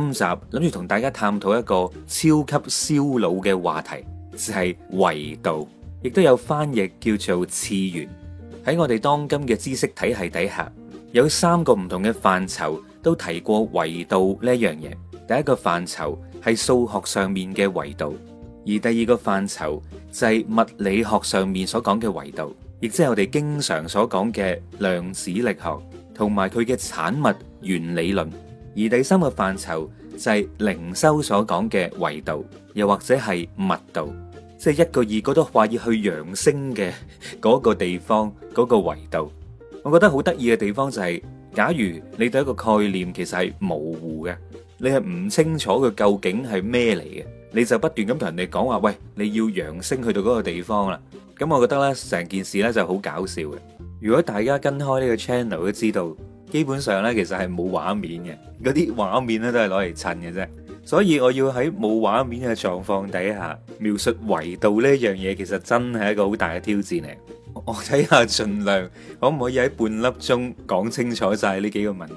今集諗住同大家探討一個超級燒腦嘅話題，就係維度，亦都有翻譯叫做次元。喺我哋當今嘅知識體系底下，有三個唔同嘅範疇都提過維度呢一樣嘢。第一個範疇係數學上面嘅維度，而第二個範疇就係物理學上面所講嘅維度，亦即係我哋經常所講嘅量子力學同埋佢嘅產物原理論。而第三個範疇就係靈修所講嘅維度，又或者係密度，即係一個二個都話要去揚升嘅嗰個地方、嗰、嗰個維度。我覺得好得意嘅地方就係、係，假如你對一個概念其實係模糊嘅，你係唔清楚佢究竟係咩嚟嘅，你就不斷咁同人哋講話，喂，你要揚升去到嗰個地方啦。咁我覺得呢成件事呢就好搞笑嘅。如果大家跟開呢個 channel 都知道。基本上咧，其實係冇畫面嘅，嗰啲畫面咧都係攞嚟襯嘅啫。所以我要喺冇畫面嘅狀況底下描述維度呢一樣嘢，其實真係一個好大嘅挑戰嚟。我睇下，盡量可唔可以喺半粒鐘講清楚晒呢幾個問題。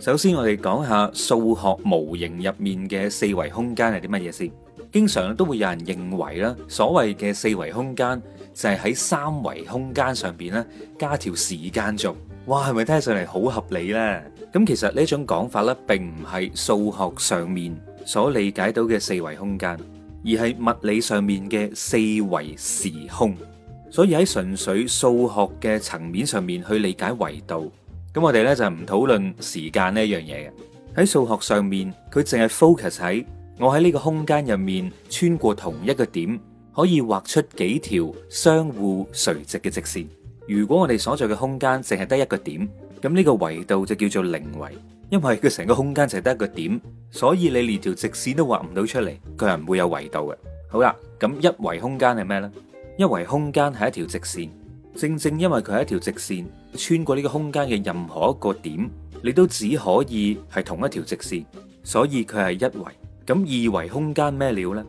首先，我哋講下數學模型入面嘅四維空間係啲乜嘢先。經常咧都會有人認為啦，所謂嘅四維空間就係喺三維空間上邊咧加條時間軸。哇，係咪聽上嚟好合理呢？咁其實呢種講法呢，並唔係數學上面所理解到嘅四維空間，而係物理上面嘅四維時空。所以喺純粹數學嘅層面上面去理解維度，咁我哋呢就唔討論時間呢樣嘢嘅。喺數學上面，佢淨係 focus 喺我喺呢個空間入面穿過同一個點，可以畫出幾條相互垂直嘅直線。如果我哋所在嘅空間淨係得一個點，咁呢個維度就叫做零維，因為佢成個空間淨係得一個點，所以你連條直線都畫唔到出嚟，佢係唔會有維度嘅。好啦，咁一維空間係咩呢？一維空間係一條直線，正正因為佢係一條直線，穿過呢個空間嘅任何一個點，你都只可以係同一條直線，所以佢係一維。咁二維空間咩料呢？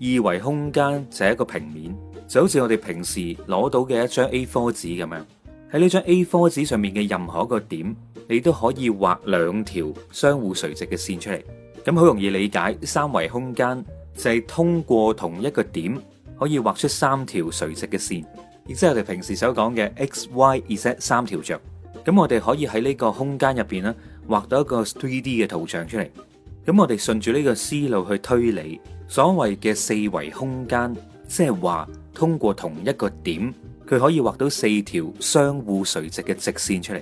二維空間就係一個平面。就好似我哋平時攞到嘅一張 A4 紙咁樣，喺呢張 A4 紙上面嘅任何一個點，你都可以畫兩條相互垂直嘅線出嚟。咁好容易理解，三維空間就係通過同一個點可以畫出三條垂直嘅線，亦即係我哋平時所講嘅 x、y、z 三條軸。咁我哋可以喺呢個空間入邊咧畫到一個 3D 嘅圖像出嚟。咁我哋順住呢個思路去推理，所謂嘅四維空間，即係話。通過同一個點，佢可以畫到四條相互垂直嘅直線出嚟。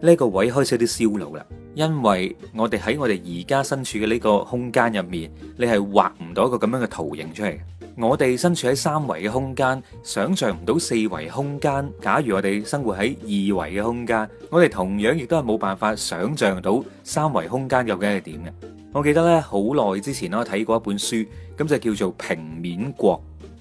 呢個位開始有啲燒腦啦，因為我哋喺我哋而家身處嘅呢個空間入面，你係畫唔到一個咁樣嘅圖形出嚟。我哋身處喺三維嘅空間，想象唔到四維空間。假如我哋生活喺二維嘅空間，我哋同樣亦都係冇辦法想象到三維空間究竟係點嘅。我記得咧，好耐之前啦，睇過一本書，咁就叫做《平面國》。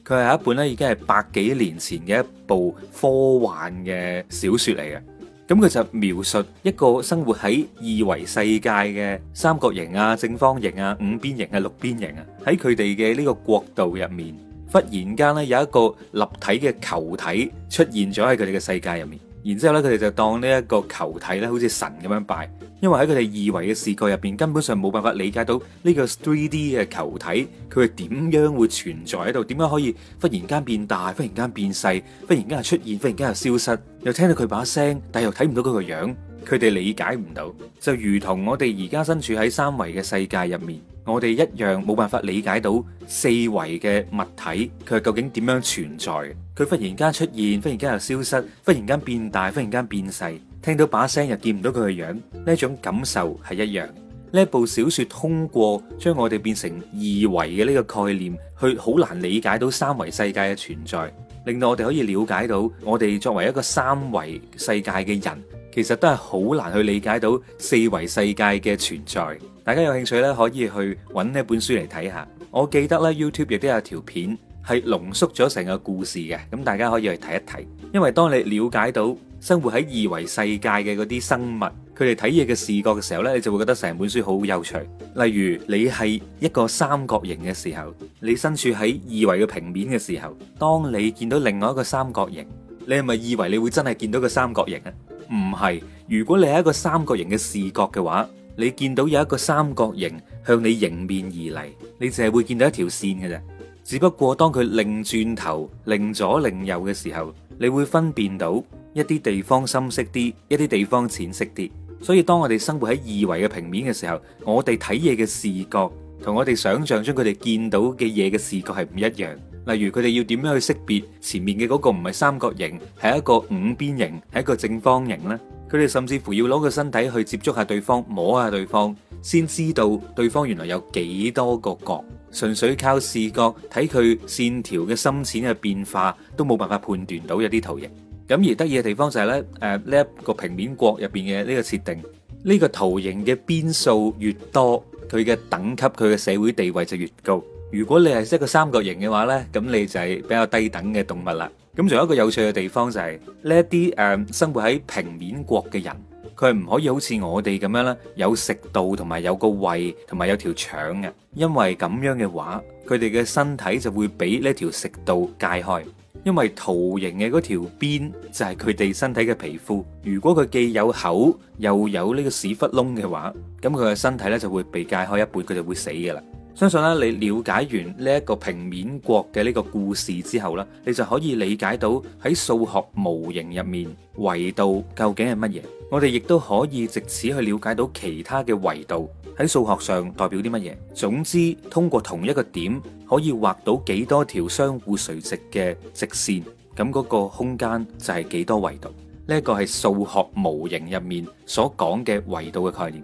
佢係一本咧，已經係百幾年前嘅一部科幻嘅小説嚟嘅。咁佢就描述一個生活喺二維世界嘅三角形啊、正方形啊、五邊形啊、六邊形啊，喺佢哋嘅呢個國度入面，忽然間呢有一個立體嘅球體出現咗喺佢哋嘅世界入面。然之後咧，佢哋就當呢一個球體咧，好似神咁樣拜，因為喺佢哋二維嘅視覺入邊，根本上冇辦法理解到呢個 three D 嘅球體佢係點樣會存在喺度，點樣可以忽然間變大、忽然間變細、忽然間又出現、忽然間又消失，又聽到佢把聲，但又睇唔到佢個樣，佢哋理解唔到，就如同我哋而家身處喺三維嘅世界入面。我哋一樣冇辦法理解到四維嘅物體，佢係究竟點樣存在？佢忽然間出現，忽然間又消失，忽然間變大，忽然間變細，聽到把聲又見唔到佢嘅樣，呢一種感受係一樣。呢部小說通過將我哋變成二維嘅呢個概念，去好難理解到三維世界嘅存在，令到我哋可以了解到，我哋作為一個三維世界嘅人，其實都係好難去理解到四維世界嘅存在。大家有興趣咧，可以去揾呢本書嚟睇下。我記得咧，YouTube 亦都有條片係濃縮咗成個故事嘅，咁大家可以去睇一睇。因為當你了解到生活喺二維世界嘅嗰啲生物，佢哋睇嘢嘅視覺嘅時候呢，你就會覺得成本書好有趣。例如，你係一個三角形嘅時候，你身處喺二維嘅平面嘅時候，當你見到另外一個三角形，你係咪以為你會真係見到個三角形啊？唔係，如果你係一個三角形嘅視覺嘅話。你見到有一個三角形向你迎面而嚟，你淨係會見到一條線嘅啫。只不過當佢擰轉頭，擰左擰右嘅時候，你會分辨到一啲地方深色啲，一啲地方淺色啲。所以當我哋生活喺二維嘅平面嘅時候，我哋睇嘢嘅視覺同我哋想象中佢哋見到嘅嘢嘅視覺係唔一樣。例如佢哋要點樣去識別前面嘅嗰個唔係三角形，係一個五邊形，係一個正方形呢？佢哋甚至乎要攞個身體去接觸下對方，摸下對方，先知道對方原來有幾多個角。純粹靠視覺睇佢線條嘅深淺嘅變化，都冇辦法判斷到有啲圖形。咁而得意嘅地方就係、是、咧，誒、呃，呢、這、一個平面國入邊嘅呢個設定，呢、這個圖形嘅邊數越多，佢嘅等級、佢嘅社會地位就越高。如果你係一個三角形嘅話咧，咁你就係比較低等嘅動物啦。咁仲有一個有趣嘅地方就係呢一啲誒生活喺平面國嘅人，佢唔可以好似我哋咁樣啦，有食道同埋有個胃同埋有條腸嘅，因為咁樣嘅話，佢哋嘅身體就會俾呢條食道界開，因為圖形嘅嗰條邊就係佢哋身體嘅皮膚。如果佢既有口又有呢個屎忽窿嘅話，咁佢嘅身體咧就會被界開一半，佢就會死噶啦。相信咧，你了解完呢一個平面國嘅呢個故事之後咧，你就可以理解到喺數學模型入面，維度究竟係乜嘢？我哋亦都可以藉此去了解到其他嘅維度喺數學上代表啲乜嘢。總之，通過同一個點可以畫到幾多條相互垂直嘅直線，咁嗰個空間就係幾多維度。呢一個係數學模型入面所講嘅維度嘅概念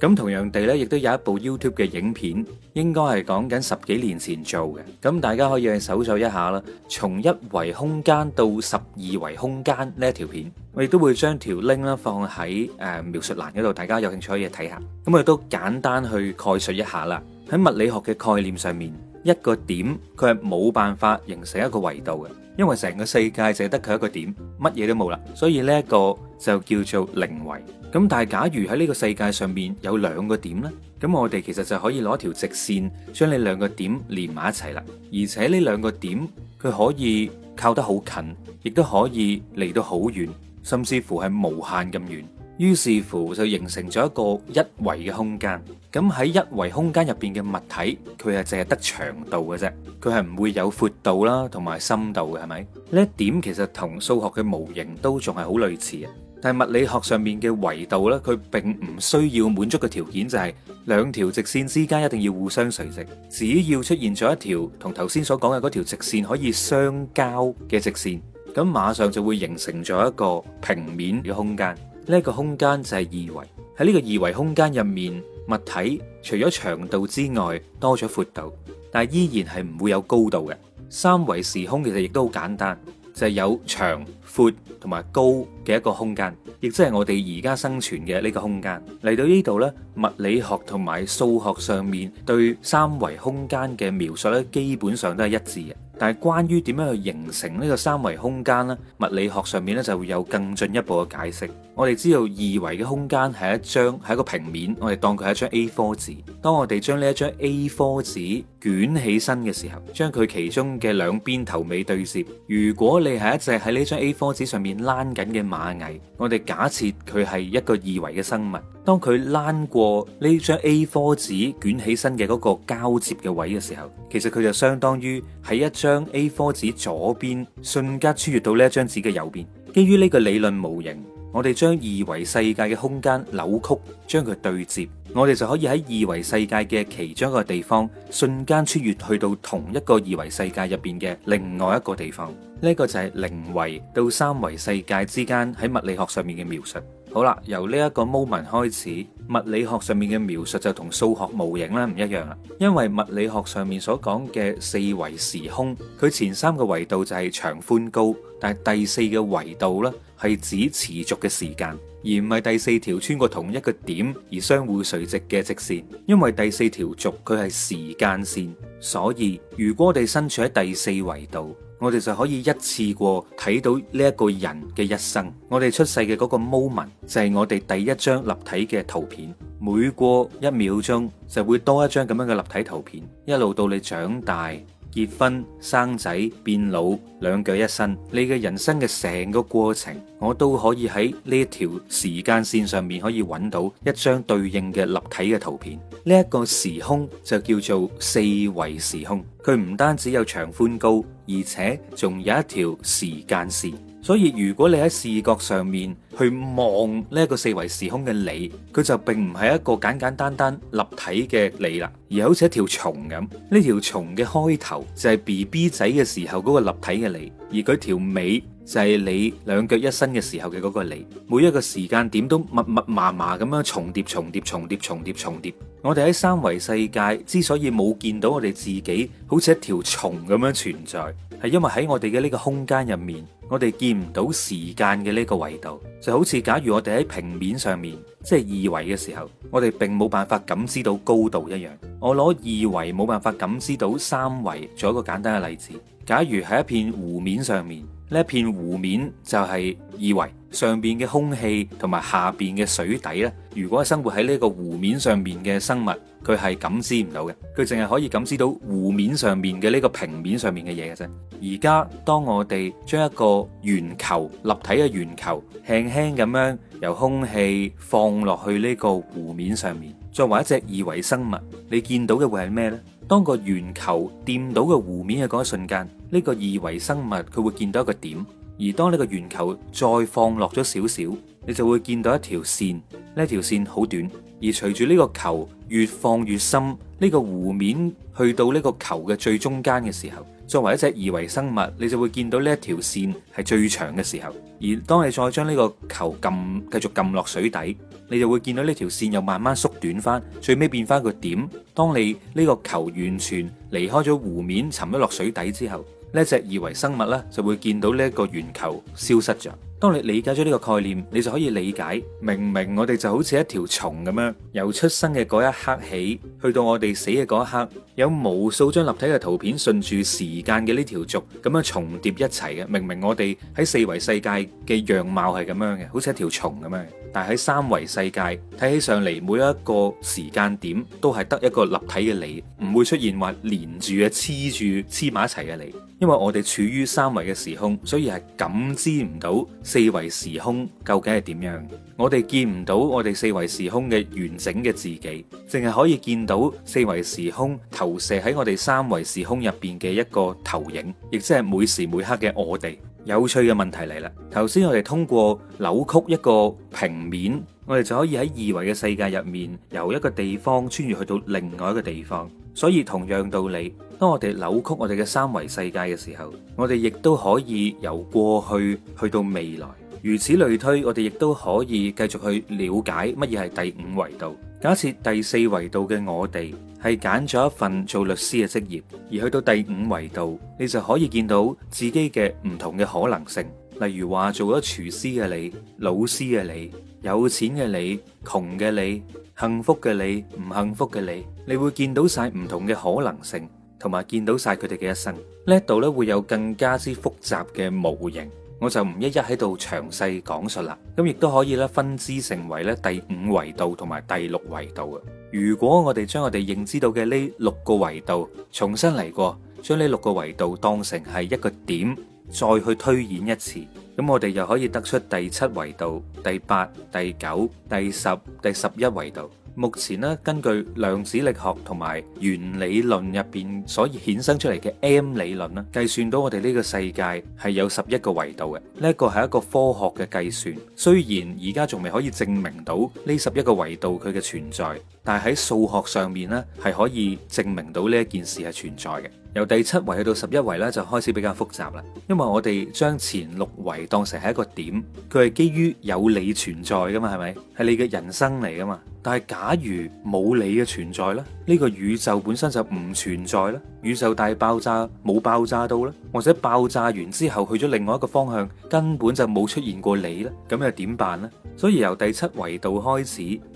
咁同樣地咧，亦都有一部 YouTube 嘅影片，應該係講緊十幾年前做嘅。咁大家可以去搜索一下啦，從一維空間到十二維空間呢一條片，我亦都會將條 link 啦放喺誒、呃、描述欄嗰度，大家有興趣可以睇下。咁、嗯、我亦都簡單去概述一下啦。喺物理學嘅概念上面，一個點佢係冇辦法形成一個維度嘅。因為成個世界淨係得佢一個點，乜嘢都冇啦，所以呢一個就叫做零維。咁但係假如喺呢個世界上面有兩個點呢，咁我哋其實就可以攞條直線將呢兩個點連埋一齊啦。而且呢兩個點佢可以靠得好近，亦都可以離得好遠，甚至乎係無限咁遠。於是乎就形成咗一個一維嘅空間。咁喺一維空間入邊嘅物體，佢係淨係得長度嘅啫，佢係唔會有闊度啦，同埋深度嘅係咪？呢一點其實同數學嘅模型都仲係好類似啊。但係物理學上面嘅維度咧，佢並唔需要滿足嘅條件就係兩條直線之間一定要互相垂直。只要出現咗一條同頭先所講嘅嗰條直線可以相交嘅直線，咁馬上就會形成咗一個平面嘅空間。呢個空間就係二維，喺呢個二維空間入面，物體除咗長度之外，多咗闊度，但係依然係唔會有高度嘅。三維時空其實亦都好簡單，就係、是、有長、闊同埋高嘅一個空間，亦即係我哋而家生存嘅呢個空間。嚟到呢度呢，物理學同埋數學上面對三維空間嘅描述咧，基本上都係一致嘅。但係關於點樣去形成呢個三維空間呢，物理學上面咧就會有更進一步嘅解釋。我哋知道二維嘅空間係一張，係一個平面。我哋當佢係一張 A4 紙。當我哋將呢一張 A4 紙捲起身嘅時候，將佢其中嘅兩邊頭尾對接。如果你係一隻喺呢張 A4 紙上面躝緊嘅螞蟻，我哋假設佢係一個二維嘅生物。當佢躝過呢張 A4 紙捲起身嘅嗰個交接嘅位嘅時候，其實佢就相當於喺一張 A4 紙左邊瞬間穿越到呢一張紙嘅右邊。基於呢個理論模型。我哋將二維世界嘅空間扭曲，將佢對接，我哋就可以喺二維世界嘅其中一個地方瞬間穿越去到同一個二維世界入邊嘅另外一個地方。呢個就係零維到三維世界之間喺物理學上面嘅描述。好啦，由呢一個 moment 開始，物理學上面嘅描述就同數學模型咧唔一樣啦。因為物理學上面所講嘅四維時空，佢前三個維度就係長寬高，但係第四個維度咧係指持續嘅時間，而唔係第四條穿過同一個點而相互垂直嘅直線。因為第四條軸佢係時間線，所以如果我哋身處喺第四維度。我哋就可以一次過睇到呢一個人嘅一生。我哋出世嘅嗰個 moment 就係我哋第一張立體嘅圖片。每過一秒鐘就會多一張咁樣嘅立體圖片，一路到你長大。結婚、生仔、變老，兩腳一伸，你嘅人生嘅成個過程，我都可以喺呢一條時間線上面可以揾到一張對應嘅立體嘅圖片。呢一個時空就叫做四維時空，佢唔單止有長寬高，而且仲有一條時間線。所以如果你喺視覺上面去望呢個四維時空嘅你，佢就並唔係一個簡簡單單立體嘅你啦，而好似一條蟲咁。呢條蟲嘅開頭就係 BB 仔嘅時候嗰個立體嘅你，而佢條尾，就係你兩腳一伸嘅時候嘅嗰個你，每一個時間點都密密麻麻咁樣重疊、重疊、重疊、重疊、重疊。我哋喺三維世界之所以冇見到我哋自己好似一條蟲咁樣存在，係因為喺我哋嘅呢個空間入面，我哋見唔到時間嘅呢個維度，就好似假如我哋喺平面上面即係二維嘅時候，我哋並冇辦法感知到高度一樣。我攞二維冇辦法感知到三維，做一個簡單嘅例子。假如喺一片湖面上面。呢一片湖面就係二維，上邊嘅空氣同埋下邊嘅水底咧。如果生活喺呢個湖面上面嘅生物，佢係感知唔到嘅，佢淨係可以感知到湖面上面嘅呢個平面上面嘅嘢嘅啫。而家當我哋將一個圓球、立體嘅圓球輕輕咁樣由空氣放落去呢個湖面上面，作為一隻二維生物，你見到嘅會係咩呢？當個圓球掂到嘅湖面嘅嗰一瞬間，呢個二維生物佢會見到一個點，而當呢個圓球再放落咗少少，你就會見到一條線。呢條線好短，而隨住呢個球越放越深，呢個湖面去到呢個球嘅最中間嘅時候，作為一隻二維生物，你就會見到呢一條線係最長嘅時候。而當你再將呢個球撳繼續撳落水底，你就會見到呢條線又慢慢縮短翻，最尾變翻個點。當你呢個球完全離開咗湖面沉咗落水底之後，呢隻二維生物咧，就會見到呢個圓球消失咗。當你理解咗呢個概念，你就可以理解，明明我哋就好似一條蟲咁樣，由出生嘅嗰一刻起，去到我哋死嘅嗰一刻。有無數張立體嘅圖片，順住時間嘅呢條軸咁樣重疊一齊嘅。明明我哋喺四維世界嘅樣貌係咁樣嘅，好似一條蟲咁樣。但係喺三維世界睇起上嚟，每一個時間點都係得一個立體嘅你，唔會出現話連住嘅黐住黐埋一齊嘅你。因為我哋處於三維嘅時空，所以係感知唔到四維時空究竟係點樣。我哋見唔到我哋四維時空嘅完整嘅自己，淨係可以見到四維時空頭投射喺我哋三維時空入邊嘅一個投影，亦即係每時每刻嘅我哋。有趣嘅問題嚟啦！頭先我哋通過扭曲一個平面，我哋就可以喺二維嘅世界入面，由一個地方穿越去到另外一個地方。所以同樣道理，當我哋扭曲我哋嘅三維世界嘅時候，我哋亦都可以由過去去到未來。如此類推，我哋亦都可以繼續去了解乜嘢係第五維度。假設第四維度嘅我哋係揀咗一份做律師嘅職業，而去到第五維度，你就可以見到自己嘅唔同嘅可能性，例如話做咗廚師嘅你、老師嘅你、有錢嘅你、窮嘅你、幸福嘅你、唔幸福嘅你，你會見到晒唔同嘅可能性，同埋見到晒佢哋嘅一生。呢度咧會有更加之複雜嘅模型。我就唔一一喺度詳細講述啦，咁亦都可以咧分支成為咧第五維度同埋第六維度嘅。如果我哋將我哋認知到嘅呢六個維度重新嚟過，將呢六個維度當成係一個點，再去推演一次，咁我哋又可以得出第七維度、第八、第九、第十、第十一維度。目前咧，根據量子力學同埋原理論入邊，所以衍生出嚟嘅 M 理論咧，計算到我哋呢個世界係有十一個維度嘅。呢一個係一個科學嘅計算，雖然而家仲未可以證明到呢十一個維度佢嘅存在，但係喺數學上面咧係可以證明到呢一件事係存在嘅。由第七維去到十一維咧，就開始比較複雜啦。因為我哋將前六維當成係一個點，佢係基於有你存在噶嘛，係咪？係你嘅人生嚟噶嘛？但係，假如冇你嘅存在咧？呢個宇宙本身就唔存在啦，宇宙大爆炸冇爆炸到啦，或者爆炸完之後去咗另外一個方向，根本就冇出現過你咧，咁又點辦呢？所以由第七維度開始，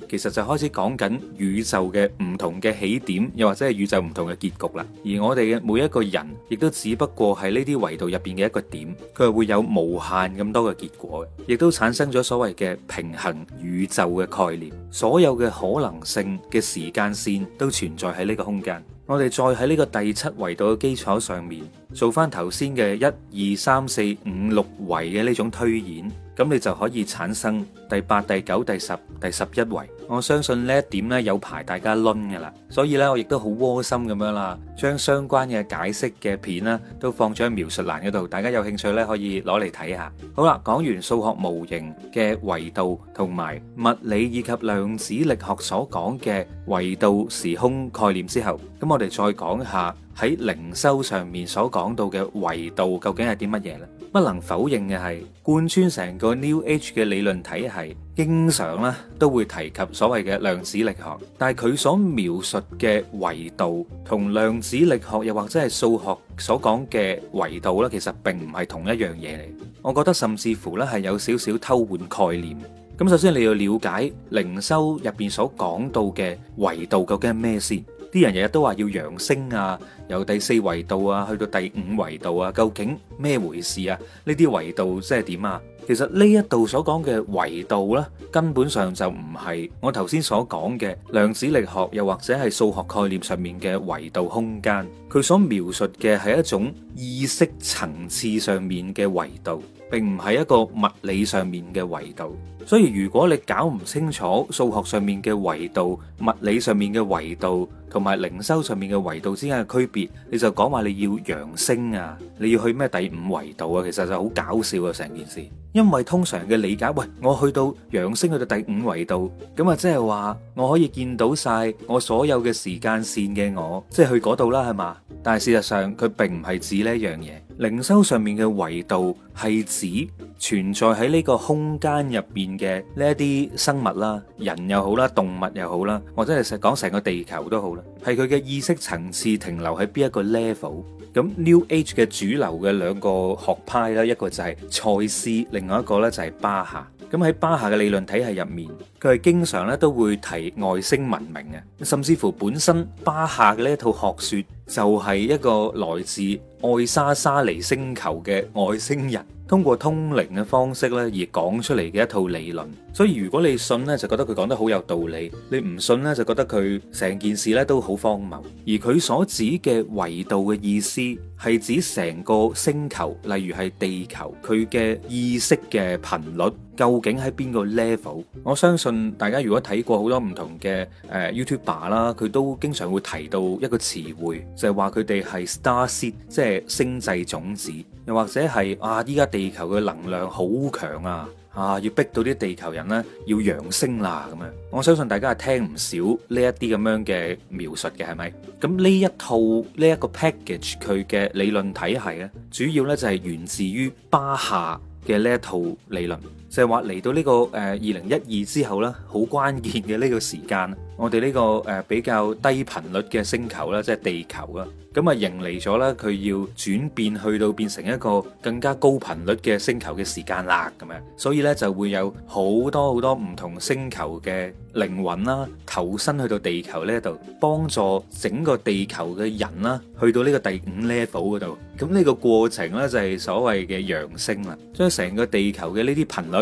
其實就開始講緊宇宙嘅唔同嘅起點，又或者係宇宙唔同嘅結局啦。而我哋嘅每一個人，亦都只不過係呢啲維度入邊嘅一個點，佢係會有無限咁多嘅結果，亦都產生咗所謂嘅平衡宇宙嘅概念，所有嘅可能性嘅時間線都存在喺呢個空間，我哋再喺呢個第七維度嘅基礎上面做翻頭先嘅一二三四五六維嘅呢種推演，咁你就可以產生第八、第九、第十、第十一維。我相信呢一點咧有排大家論嘅啦，所以咧我亦都好窩心咁樣啦，將相關嘅解釋嘅片咧都放咗喺描述欄嗰度，大家有興趣咧可以攞嚟睇下。好啦，講完數學模型嘅維度同埋物理以及量子力學所講嘅維度時空概念之後，咁我哋再講下喺靈修上面所講到嘅維度究竟係啲乜嘢呢？不能否認嘅係貫穿成個 New Age 嘅理論體系，經常啦都會提及所謂嘅量子力學。但係佢所描述嘅維度同量子力學，又或者係數學所講嘅維度啦，其實並唔係同一樣嘢嚟。我覺得甚至乎咧係有少少偷換概念。咁首先你要了解靈修入邊所講到嘅維度究竟係咩先。啲人日日都話要揚升啊，由第四維度啊，去到第五維度啊，究竟咩回事啊？呢啲維度即係點啊？其實呢一度所講嘅維度呢，根本上就唔係我頭先所講嘅量子力學，又或者係數學概念上面嘅維度空間。佢所描述嘅係一種意識層次上面嘅維度，並唔係一個物理上面嘅維度。所以如果你搞唔清楚數學上面嘅維度、物理上面嘅維度，同埋靈修上面嘅維度之間嘅區別，你就講話你要揚升啊，你要去咩第五維度啊？其實就好搞笑啊成件事，因為通常嘅理解，喂，我去到揚升去到第五維度，咁啊即係話我可以見到晒我所有嘅時間線嘅我，即係去嗰度啦，係嘛？但係事實上佢並唔係指呢一樣嘢，靈修上面嘅維度係指存在喺呢個空間入邊嘅呢一啲生物啦，人又好啦，動物又好啦，或者係講成個地球都好啦。係佢嘅意識層次停留喺邊一個 level？咁 New Age 嘅主流嘅兩個學派啦，一個就係賽斯，另外一個咧就係巴夏。咁喺巴夏嘅理論體系入面，佢係經常咧都會提外星文明嘅，甚至乎本身巴夏嘅呢一套學説就係一個來自愛莎莎尼星球嘅外星人。通過通靈嘅方式咧，而講出嚟嘅一套理論。所以如果你信咧，就覺得佢講得好有道理；你唔信咧，就覺得佢成件事咧都好荒謬。而佢所指嘅維度嘅意思，係指成個星球，例如係地球，佢嘅意識嘅頻率究竟喺邊個 level？我相信大家如果睇過好多唔同嘅誒 YouTuber 啦，佢、呃、都經常會提到一個詞彙，就係話佢哋係 star seed，即係星際種子。又或者係啊，依家地球嘅能量好強啊，啊要逼到啲地球人呢要揚升啦咁樣。我相信大家係聽唔少呢一啲咁樣嘅描述嘅，係咪？咁呢一套呢一個 package 佢嘅理論體系咧，主要呢就係源自於巴夏嘅呢一套理論。就係話嚟到呢個誒二零一二之後咧，好關鍵嘅呢個時間，我哋呢個誒比較低頻率嘅星球啦，即係地球啦，咁啊迎嚟咗啦，佢要轉變去到變成一個更加高頻率嘅星球嘅時間啦，咁樣，所以呢，就會有好多好多唔同星球嘅靈魂啦，投身去到地球呢度，幫助整個地球嘅人啦，去到呢個第五 level 嗰度，咁呢個過程呢，就係所謂嘅揚升啦，將成個地球嘅呢啲頻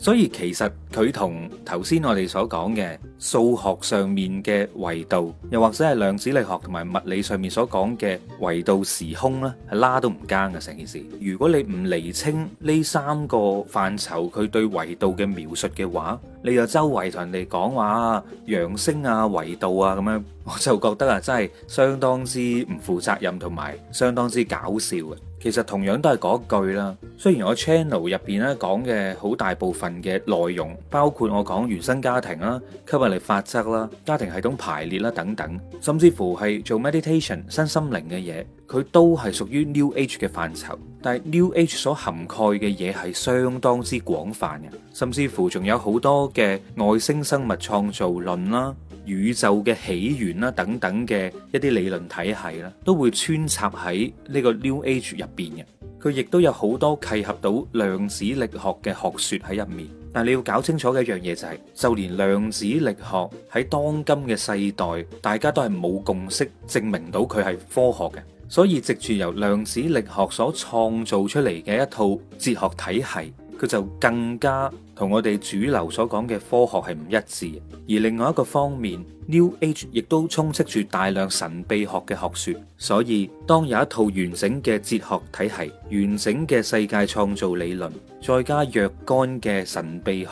所以其實佢同頭先我哋所講嘅數學上面嘅維度，又或者係量子力學同埋物理上面所講嘅維度時空呢係拉都唔埋嘅成件事。如果你唔釐清呢三個範疇佢對維度嘅描述嘅話，你又周圍同人哋講話揚升」啊、維度啊咁樣，我就覺得啊，真係相當之唔負責任同埋相當之搞笑嘅。其實同樣都係嗰句啦。雖然我 channel 入邊咧講嘅好大部分嘅內容，包括我講原生家庭啦、吸引力法則啦、家庭系統排列啦等等，甚至乎係做 meditation、身心靈嘅嘢，佢都係屬於 New Age 嘅範疇。但係 New Age 所涵蓋嘅嘢係相當之廣泛嘅，甚至乎仲有好多嘅外星生物創造論啦。宇宙嘅起源啦，等等嘅一啲理論體系啦，都會穿插喺呢個 New Age 入邊嘅。佢亦都有好多契合到量子力學嘅學說喺入面。但你要搞清楚嘅一樣嘢就係、是，就連量子力學喺當今嘅世代，大家都係冇共識證明到佢係科學嘅。所以藉住由量子力學所創造出嚟嘅一套哲學體系。佢就更加同我哋主流所講嘅科學係唔一致，而另外一個方面，New Age 亦都充斥住大量神秘學嘅學説，所以當有一套完整嘅哲學體系、完整嘅世界創造理論，再加若干嘅神秘學，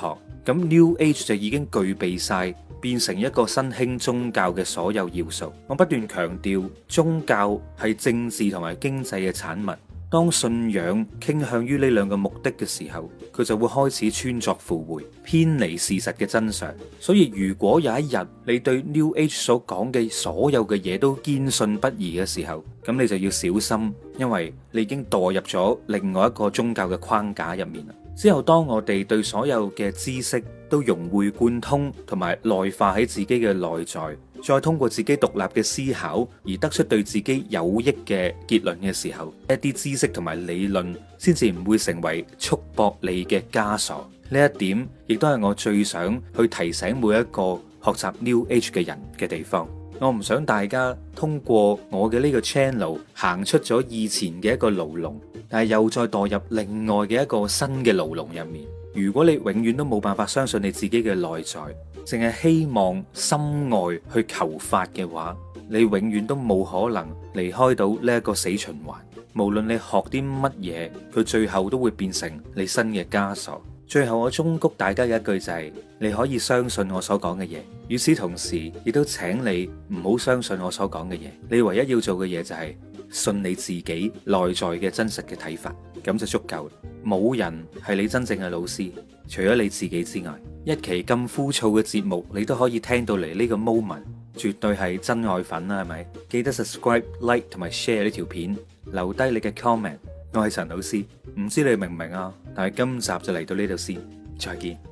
咁 New Age 就已經具備晒變成一個新興宗教嘅所有要素。我不斷強調，宗教係政治同埋經濟嘅產物。當信仰傾向於呢兩個目的嘅時候，佢就會開始穿鑿附會，偏離事實嘅真相。所以如果有一日你對 New Age 所講嘅所有嘅嘢，都堅信不疑嘅時候，咁你就要小心，因為你已經墮入咗另外一個宗教嘅框架入面啦。之後當我哋對所有嘅知識都融會貫通，同埋內化喺自己嘅內在。再通過自己獨立嘅思考而得出對自己有益嘅結論嘅時候，一啲知識同埋理論先至唔會成為束縛你嘅枷鎖。呢一點亦都係我最想去提醒每一個學習 New Age 嘅人嘅地方。我唔想大家通過我嘅呢個 channel 行出咗以前嘅一個牢籠，但係又再墮入另外嘅一個新嘅牢籠入面。如果你永遠都冇辦法相信你自己嘅內在，淨係希望心外去求法嘅話，你永遠都冇可能離開到呢一個死循環。無論你學啲乜嘢，佢最後都會變成你新嘅枷鎖。最後，我忠告大家嘅一句就係、是：你可以相信我所講嘅嘢，與此同時，亦都請你唔好相信我所講嘅嘢。你唯一要做嘅嘢就係、是、信你自己內在嘅真實嘅睇法。咁就足夠，冇人係你真正嘅老師，除咗你自己之外，一期咁枯燥嘅節目，你都可以聽到嚟呢個 moment，絕對係真愛粉啦，係咪？記得 subscribe、like 同埋 share 呢條片，留低你嘅 comment。我係陳老師，唔知你明唔明啊？但係今集就嚟到呢度先，再見。